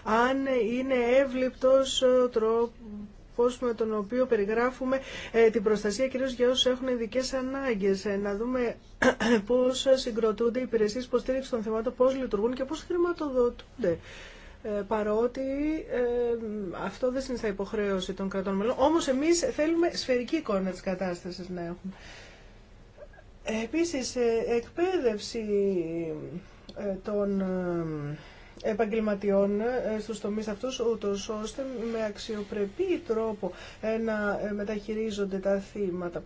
αν είναι εύληπτος τρόπος με τον οποίο περιγράφουμε ε, την προστασία κυρίως για όσους έχουν ειδικέ ανάγκες, να δούμε πώς συγκροτούνται οι υπηρεσίες υποστήριξη των θυμάτων, πώς λειτουργούν και πώς χρηματοδοτούνται. Ε, παρότι ε, αυτό δεν στα υποχρέωση των κρατών μελών. Όμως εμείς θέλουμε σφαιρική εικόνα της κατάστασης να έχουμε. Ε, επίσης, εκπαίδευση των επαγγελματιών στους τομείς αυτούς, ούτως ώστε με αξιοπρεπή τρόπο να μεταχειρίζονται τα θύματα.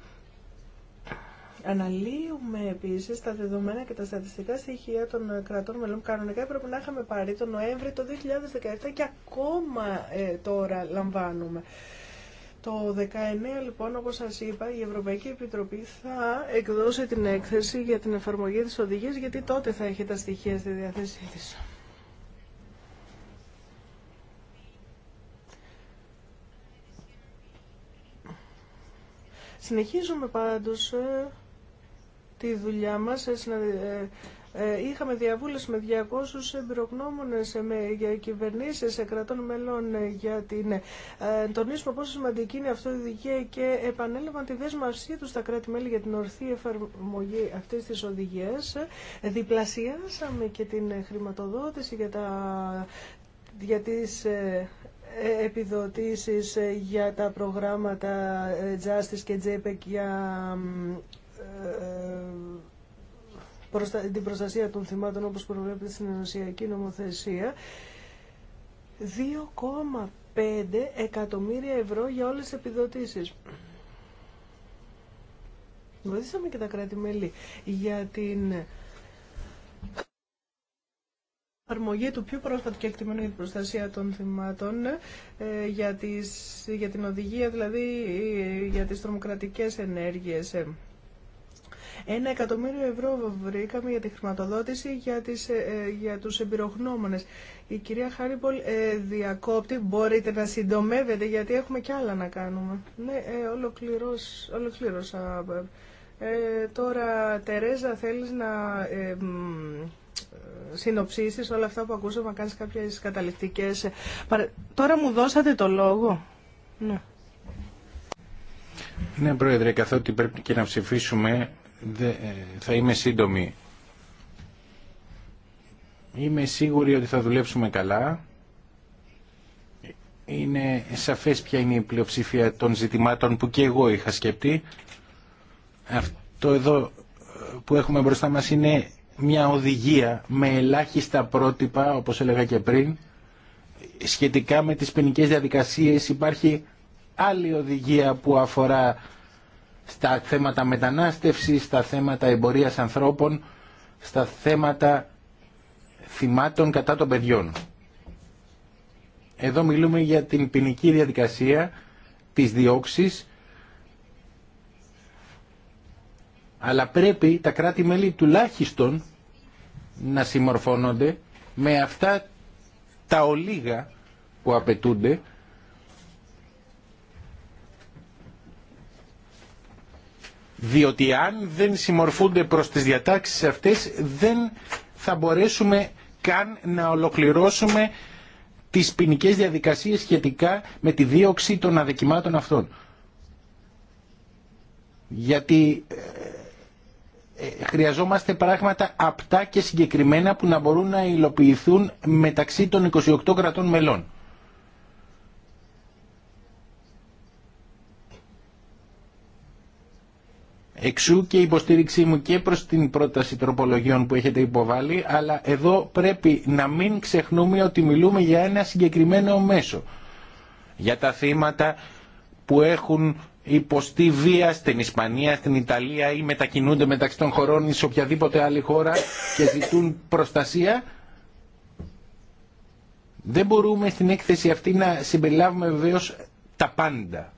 Αναλύουμε επίση τα δεδομένα και τα στατιστικά στοιχεία των κρατών μελών. Κανονικά έπρεπε να είχαμε πάρει τον Νοέμβρη το 2017 και ακόμα ε, τώρα λαμβάνουμε. Το 19 λοιπόν, όπως σας είπα, η Ευρωπαϊκή Επιτροπή θα εκδώσει την έκθεση για την εφαρμογή της οδηγίας, γιατί τότε θα έχει τα στοιχεία στη διάθεσή της. Συνεχίζουμε πάντως ε, τη δουλειά μας. Ε, ε, ε, είχαμε διαβούλευση με 200 εμπειρογνώμονες για κυβερνήσεις κρατών μελών για την τονίσμα πόσο σημαντική είναι αυτό η οδηγία και επανέλαβαν τη δέσμευσή τους στα κράτη-μέλη για την ορθή εφαρμογή αυτής της οδηγίας. Διπλασιάσαμε και την χρηματοδότηση για, τα, για τις επιδοτήσεις για τα προγράμματα Justice και JPEG για την προστασία των θυμάτων όπως προβλέπεται στην ενωσιακή νομοθεσία 2,5 εκατομμύρια ευρώ για όλες τις επιδοτήσεις. Βοηθήσαμε και τα κράτη-μέλη για την αρμογή του πιο πρόσφατου και εκτιμένου για την προστασία των θυμάτων ε, για, τις, για την οδηγία δηλαδή ε, για τις τρομοκρατικές ενέργειες. Ε. Ένα εκατομμύριο ευρώ βρήκαμε για τη χρηματοδότηση για, τις, ε, ε, για τους εμπειρογνώμονες. Η κυρία Χάριμπολ ε, διακόπτη, μπορείτε να συντομεύετε γιατί έχουμε κι άλλα να κάνουμε. Ναι, ε, ολοκλήρωσα. Ε, τώρα, Τερέζα, θέλεις να ε, ε, συνοψίσεις όλα αυτά που ακούσαμε, να κάνεις κάποιες καταληκτικές. Τώρα μου δώσατε το λόγο. Ναι. Ναι, Πρόεδρε, καθότι πρέπει και να ψηφίσουμε, ε, θα είμαι σύντομη. Είμαι σίγουρη ότι θα δουλέψουμε καλά. Είναι σαφές ποια είναι η πλειοψηφία των ζητημάτων που και εγώ είχα σκεπτεί. Αυτό εδώ ε, που έχουμε μπροστά μας είναι μια οδηγία με ελάχιστα πρότυπα, όπως έλεγα και πριν, σχετικά με τις ποινικέ διαδικασίες υπάρχει άλλη οδηγία που αφορά στα θέματα μετανάστευσης, στα θέματα εμπορίας ανθρώπων, στα θέματα θυμάτων κατά των παιδιών. Εδώ μιλούμε για την ποινική διαδικασία της διώξης, αλλά πρέπει τα κράτη-μέλη τουλάχιστον να συμμορφώνονται με αυτά τα ολίγα που απαιτούνται διότι αν δεν συμμορφούνται προς τις διατάξεις αυτές δεν θα μπορέσουμε καν να ολοκληρώσουμε τις ποινικέ διαδικασίες σχετικά με τη δίωξη των αδικημάτων αυτών. Γιατί ε, ε, χρειαζόμαστε πράγματα απτά και συγκεκριμένα που να μπορούν να υλοποιηθούν μεταξύ των 28 κρατών μελών. Εξού και η υποστήριξή μου και προς την πρόταση τροπολογιών που έχετε υποβάλει, αλλά εδώ πρέπει να μην ξεχνούμε ότι μιλούμε για ένα συγκεκριμένο μέσο. Για τα θύματα που έχουν υποστεί βία στην Ισπανία, στην Ιταλία ή μετακινούνται μεταξύ των χωρών ή σε οποιαδήποτε άλλη χώρα και ζητούν προστασία. Δεν μπορούμε στην έκθεση αυτή να συμπεριλάβουμε βεβαίω τα πάντα.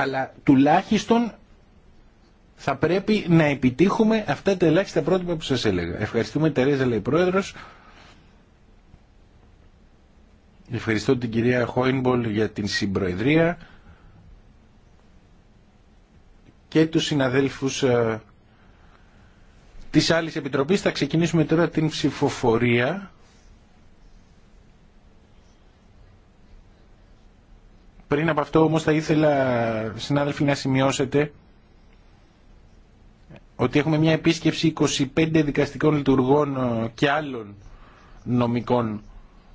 αλλά τουλάχιστον θα πρέπει να επιτύχουμε αυτά τα ελάχιστα πρότυπα που σας έλεγα. Ευχαριστούμε Τερέζα λέει πρόεδρος. Ευχαριστώ την κυρία Χόινμπολ για την συμπροεδρία και τους συναδέλφους ε, της άλλης επιτροπής. Θα ξεκινήσουμε τώρα την ψηφοφορία. Πριν από αυτό όμως θα ήθελα, συνάδελφοι, να σημειώσετε ότι έχουμε μια επίσκεψη 25 δικαστικών λειτουργών ε, και άλλων νομικών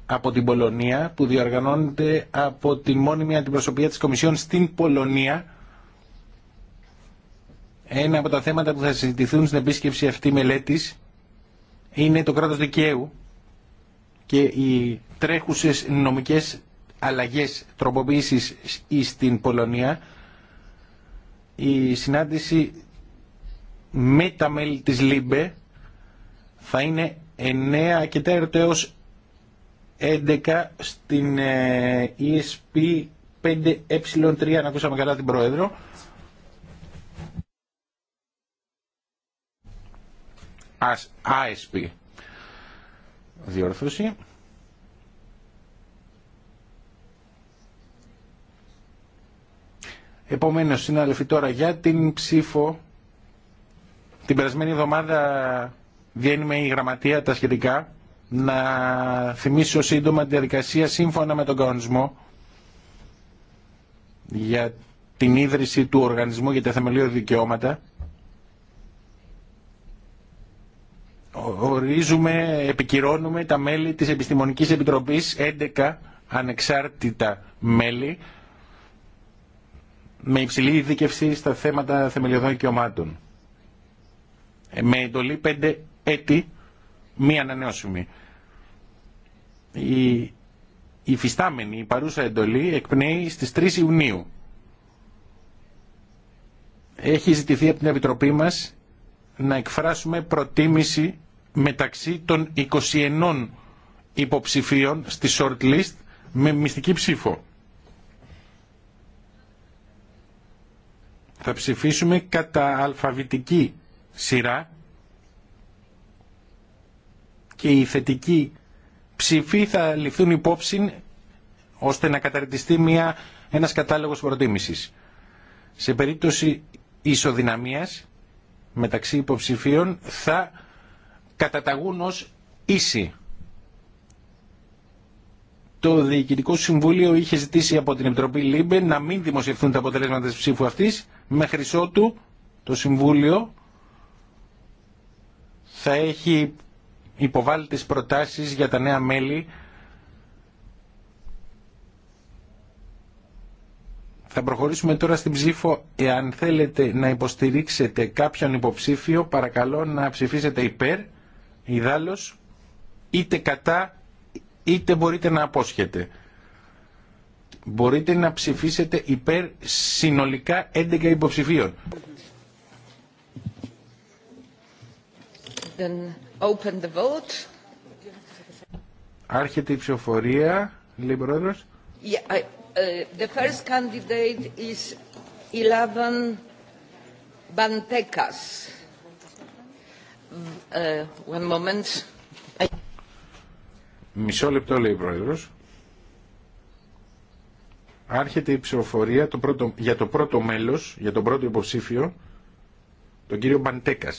από την Πολωνία που διοργανώνεται από την μόνιμη αντιπροσωπεία της Κομισιόν στην Πολωνία. Ένα από τα θέματα που θα συζητηθούν στην επίσκεψη αυτή μελέτης είναι το κράτος δικαίου και οι τρέχουσες νομικές αλλαγές τροποποίησης στην Πολωνία η συνάντηση με τα μέλη της ΛΥΜΠΕ θα είναι 9 και 4 έως 11 στην ESP 5Ε3 αν ακούσαμε καλά την Πρόεδρο ASP διορθώση Επομένως, συνάδελφοι, τώρα για την ψήφο, την περασμένη εβδομάδα διένυμε η γραμματεία τα σχετικά, να θυμίσω σύντομα τη διαδικασία σύμφωνα με τον κανονισμό για την ίδρυση του Οργανισμού για τα Θεμελιώδη Δικαιώματα. Ορίζουμε, επικυρώνουμε τα μέλη της Επιστημονικής Επιτροπής, 11 ανεξάρτητα μέλη, με υψηλή ειδικευσή στα θέματα θεμελιωδών δικαιωμάτων. Ε, με εντολή πέντε έτη μη ανανεώσιμη. Η φυστάμενη, η παρούσα εντολή εκπνέει στις 3 Ιουνίου. Έχει ζητηθεί από την Επιτροπή μας να εκφράσουμε προτίμηση μεταξύ των 21 υποψηφίων στη shortlist με μυστική ψήφο. Θα ψηφίσουμε κατά αλφαβητική σειρά και οι θετικοί ψηφοί θα ληφθούν υπόψη ώστε να καταρτιστεί μια, ένας κατάλογος προτίμησης. Σε περίπτωση ισοδυναμίας μεταξύ υποψηφίων θα καταταγούν ως ίση το Διοικητικό Συμβούλιο είχε ζητήσει από την Επιτροπή ΛΥΜΠΕ να μην δημοσιευθούν τα αποτελέσματα της ψήφου αυτής, μέχρι ότου το Συμβούλιο θα έχει υποβάλει τις προτάσεις για τα νέα μέλη Θα προχωρήσουμε τώρα στην ψήφο. Εάν θέλετε να υποστηρίξετε κάποιον υποψήφιο, παρακαλώ να ψηφίσετε υπέρ, ιδάλλως, είτε κατά είτε μπορείτε να απόσχετε. Μπορείτε να ψηφίσετε υπέρ συνολικά 11 υποψηφίων. Then open the vote. Άρχεται η ψηφοφορία, λέει πρόεδρος. Yeah, I, uh, the first candidate is 11 Bantekas. Uh, one moment. I... Μισό λεπτό λέει ο πρόεδρο. Άρχεται η ψηφοφορία το πρώτο, για το πρώτο μέλος, για τον πρώτο υποψήφιο, τον κύριο Μπαντέκα.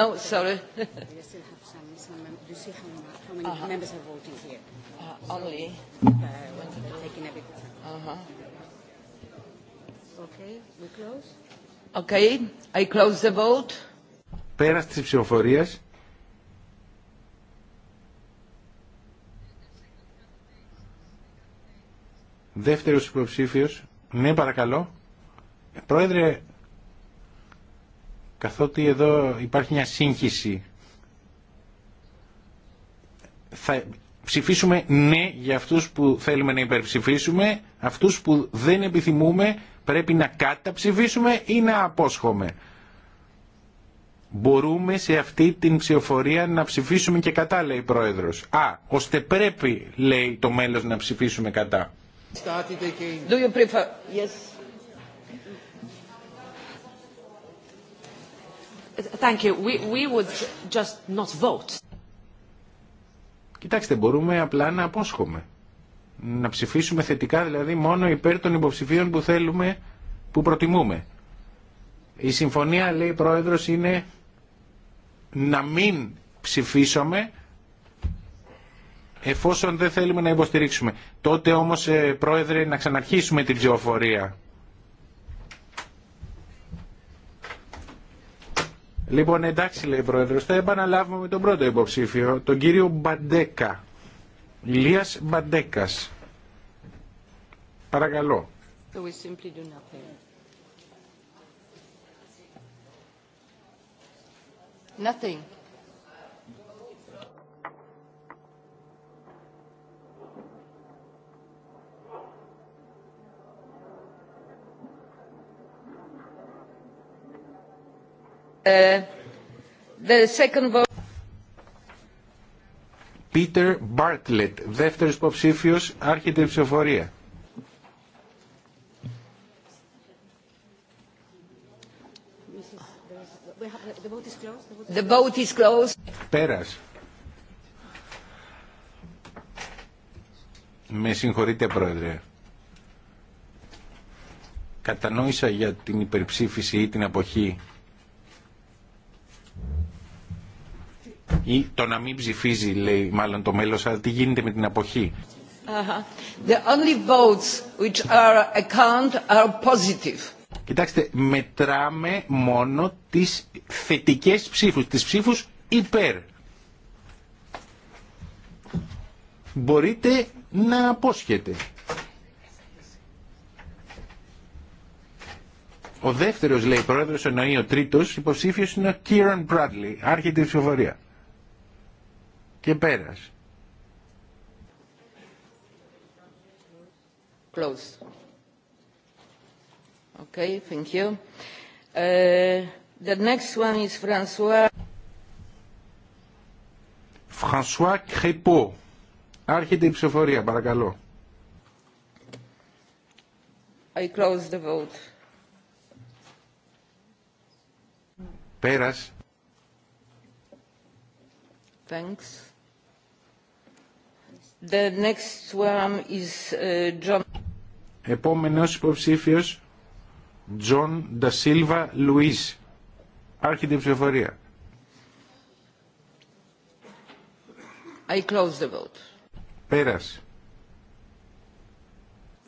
No, sorry. Uh, uh-huh. Okay, Δεύτερος υποψήφιος. Ναι, παρακαλώ. Πρόεδρε, καθότι εδώ υπάρχει μια σύγχυση. Θα ψηφίσουμε ναι για αυτούς που θέλουμε να υπερψηφίσουμε, αυτούς που δεν επιθυμούμε πρέπει να καταψηφίσουμε ή να απόσχομαι. Μπορούμε σε αυτή την ψηφοφορία να ψηφίσουμε και κατά, λέει η Πρόεδρος. Α, ώστε πρέπει, λέει το μέλος, να ψηφίσουμε κατά. Do you prefer? Yes. Thank you. We, we would just not vote. Κοιτάξτε, μπορούμε απλά να απόσχομαι. Να ψηφίσουμε θετικά, δηλαδή, μόνο υπέρ των υποψηφίων που θέλουμε, που προτιμούμε. Η συμφωνία, λέει Πρόεδρος, είναι να μην ψηφίσουμε εφόσον δεν θέλουμε να υποστηρίξουμε. Τότε όμως, ε, Πρόεδρε, να ξαναρχίσουμε την ψηφοφορία. Λοιπόν, εντάξει, λέει η Πρόεδρος, θα επαναλάβουμε με τον πρώτο υποψήφιο, τον κύριο Μπαντέκα. Λίας Μπαντέκας. Παρακαλώ. Πίτερ Μπάρτλετ, δεύτερος υποψήφιος, άρχεται η ψηφοφορία. The Πέρας. Με συγχωρείτε, Πρόεδρε. Κατανόησα για την υπερψήφιση ή την αποχή Ή το να μην ψηφίζει, λέει μάλλον το μέλος, αλλά τι γίνεται με την αποχή. The only votes which are are positive. Κοιτάξτε, μετράμε μόνο τις θετικές ψήφους, τις ψήφους υπέρ. Μπορείτε να απόσχετε. Ο δεύτερος, λέει, πρόεδρος εννοεί ο τρίτος, υποψήφιος είναι ο Κίραν Μπράτλι, Άρχεται η ψηφοφορία και πέρας. Close. Okay, thank you. Uh, the next one is François. François Crépeau. Άρχεται η ψηφοφορία, παρακαλώ. I close the vote. Πέρας. Thanks. Uh, Επόμενος υποψήφιος, Τζον Ντασίλβα Λουίς. Luis. η ψηφοφορία. Πέρασε.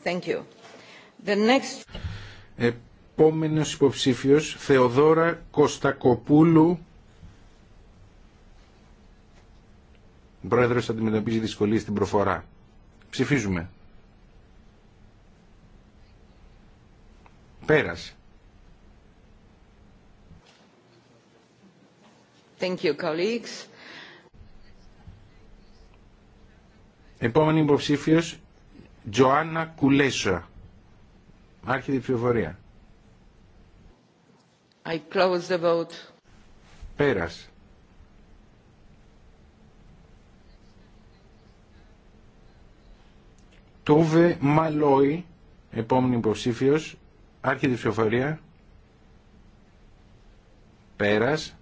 Thank you. The next... Επόμενος υποψήφιος, Θεοδόρα Κωστακοπούλου Ο πρόεδρος αντιμετωπίζει δυσκολίε στην προφορά. Ψηφίζουμε. Πέρασε. Thank you, colleagues. Επόμενη υποψήφιο Τζοάννα Κουλέσσα. Άρχιτη ψηφοφορία. I close the vote. Τούβε Μαλόι, επόμενη υποψήφιο, άρχεται ψηφοφορία. Πέρας.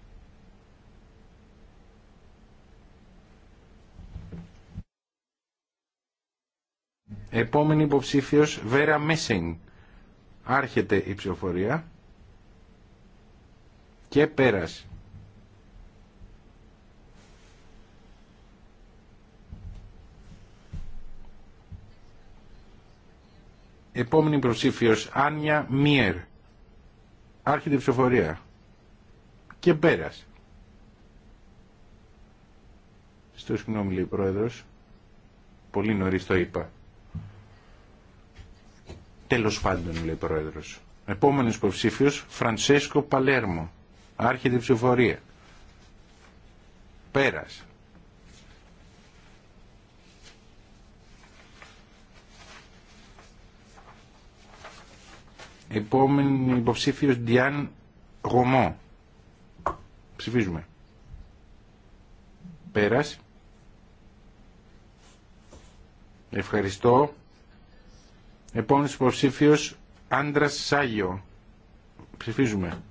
Επόμενη υποψήφιο Βέρα Μέσιν. Άρχεται η ψηφοφορία και πέρας. Επόμενη προσήφιος, Άνια Μιέρ. Άρχεται ψηφοφορία. Και πέρας. Στο συγγνώμη λέει πρόεδρος. Πολύ νωρίς το είπα. Τέλος πάντων λέει πρόεδρος. Επόμενος υποψήφιο Φρανσέσκο Παλέρμο. Άρχεται ψηφοφορία. Πέρας. Επόμενη υποψήφιος Διάν Ρωμό. Ψηφίζουμε. Πέρας. Ευχαριστώ. Επόμενος υποψήφιος Άντρας Σάγιο. Ψηφίζουμε.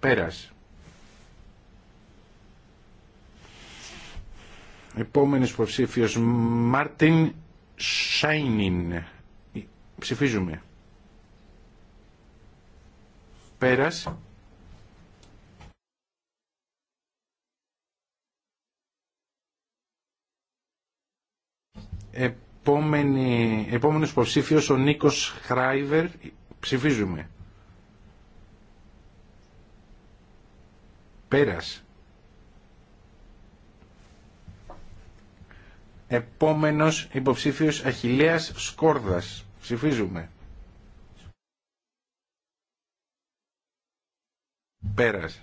Πέρας. Επόμενος υποψήφιος Μάρτιν Σάινιν. Ψηφίζουμε. Πέρας. Επόμενη, επόμενος υποψήφιος ο Νίκος Χράιβερ. Ψηφίζουμε. Πέρας. Επόμενος υποψήφιος Αχιλέας Σκόρδας. Ψηφίζουμε. Πέρασε.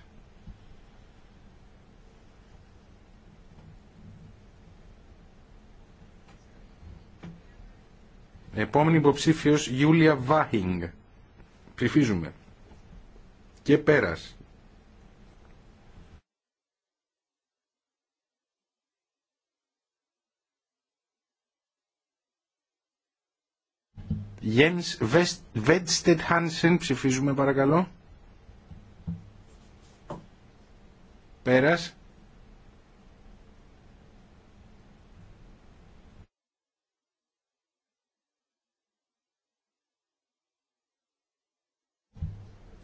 Επόμενη υποψήφιος Γιούλια Βάχινγκ. Ψηφίζουμε. Και πέρασε. Jens Βέντστετ Hansen, ψηφίζουμε παρακαλώ. Πέρας.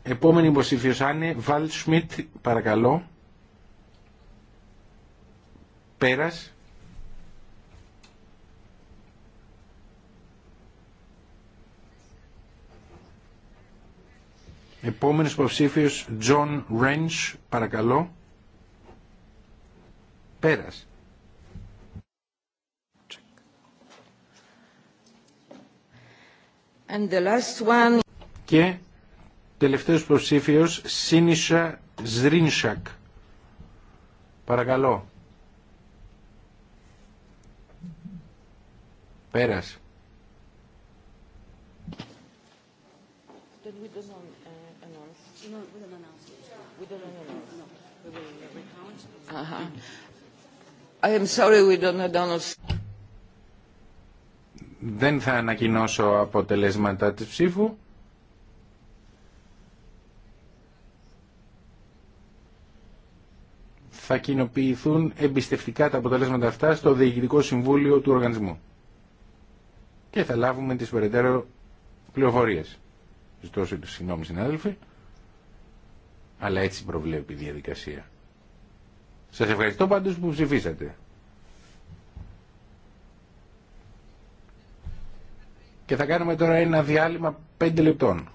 Επόμενη υποσήφιος, Άννε Βαλ Σμιτ, παρακαλώ. Πέρας. Επόμενος υποψήφιος, John Wrench, παρακαλώ. Πέρας. And the last one... Και τελευταίος υποψήφιος, Σίνισα Ζρίνσακ. Παρακαλώ. Πέρας. Δεν θα ανακοινώσω αποτελέσματα της ψήφου. Θα κοινοποιηθούν εμπιστευτικά τα αποτελέσματα αυτά στο Διοικητικό Συμβούλιο του Οργανισμού. Και θα λάβουμε τις περαιτέρω πληροφορίες. Ζητώ συγγνώμη συνάδελφοι, αλλά έτσι προβλέπει η διαδικασία. Σας ευχαριστώ πάντως που ψηφίσατε. Και θα κάνουμε τώρα ένα διάλειμμα 5 λεπτών.